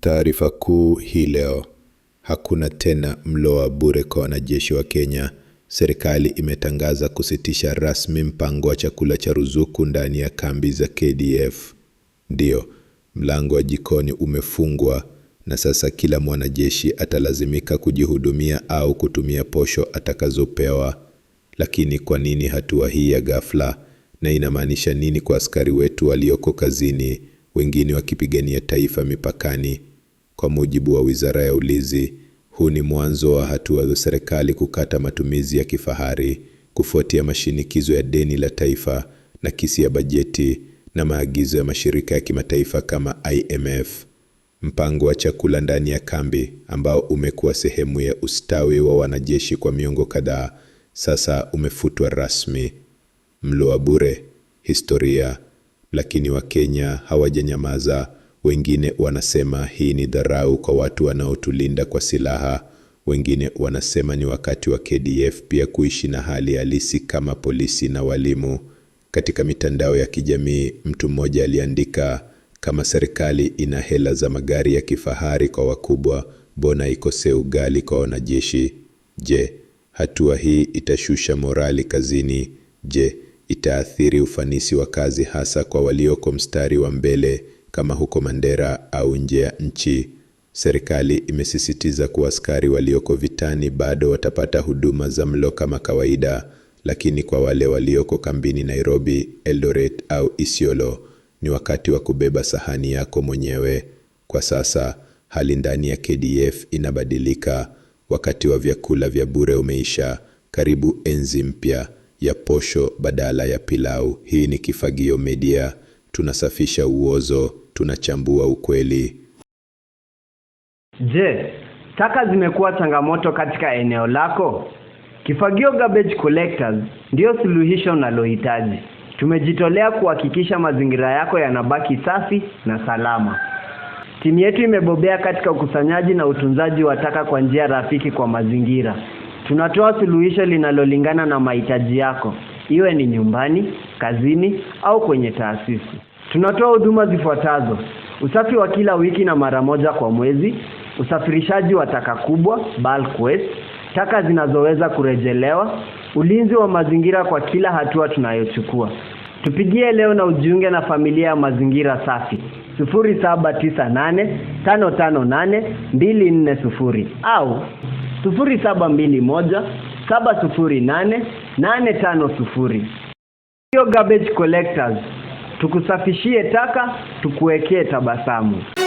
Taarifa kuu hii leo, hakuna tena mlo wa bure kwa wanajeshi wa Kenya. Serikali imetangaza kusitisha rasmi mpango wa chakula cha ruzuku ndani ya kambi za KDF. Ndiyo, mlango wa jikoni umefungwa na sasa kila mwanajeshi atalazimika kujihudumia au kutumia posho atakazopewa. Lakini kwa nini hatua hii ya ghafla, na inamaanisha nini kwa askari wetu walioko kazini, wengine wakipigania taifa mipakani? Kwa mujibu wa Wizara ya Ulinzi, huu ni mwanzo wa hatua za serikali kukata matumizi ya kifahari kufuatia mashinikizo ya deni la taifa, nakisi ya bajeti na maagizo ya mashirika ya kimataifa kama IMF. Mpango wa chakula ndani ya kambi ambao umekuwa sehemu ya ustawi wa wanajeshi kwa miongo kadhaa sasa umefutwa rasmi. Mlo wa bure, historia, lakini Wakenya hawajanyamaza. Wengine wanasema hii ni dharau kwa watu wanaotulinda kwa silaha. Wengine wanasema ni wakati wa KDF pia kuishi na hali halisi kama polisi na walimu. Katika mitandao ya kijamii, mtu mmoja aliandika, kama serikali ina hela za magari ya kifahari kwa wakubwa, bona ikose ugali kwa wanajeshi? Je, hatua hii itashusha morali kazini? Je, itaathiri ufanisi wa kazi hasa kwa walioko mstari wa mbele? kama huko Mandera au nje ya nchi. Serikali imesisitiza kuwa askari walioko vitani bado watapata huduma za mlo kama kawaida, lakini kwa wale walioko kambini Nairobi, Eldoret au Isiolo ni wakati wa kubeba sahani yako mwenyewe. Kwa sasa hali ndani ya KDF inabadilika. Wakati wa vyakula vya bure umeisha, karibu enzi mpya ya posho badala ya pilau. Hii ni Kifagio Media tunasafisha uozo, tunachambua ukweli. Je, taka zimekuwa changamoto katika eneo lako? Kifagio Garbage Collectors ndio suluhisho unalohitaji. Tumejitolea kuhakikisha mazingira yako yanabaki safi na salama. Timu yetu imebobea katika ukusanyaji na utunzaji wa taka kwa njia rafiki kwa mazingira. Tunatoa suluhisho linalolingana na mahitaji yako, iwe ni nyumbani, kazini au kwenye taasisi. Tunatoa huduma zifuatazo: usafi wa kila wiki na mara moja kwa mwezi, usafirishaji wa taka kubwa bulk waste, taka zinazoweza kurejelewa, ulinzi wa mazingira kwa kila hatua tunayochukua. Tupigie leo na ujiunge na familia ya mazingira safi 0798558240 au 0721708850. Sio garbage collectors. Tukusafishie taka, tukuwekee tabasamu.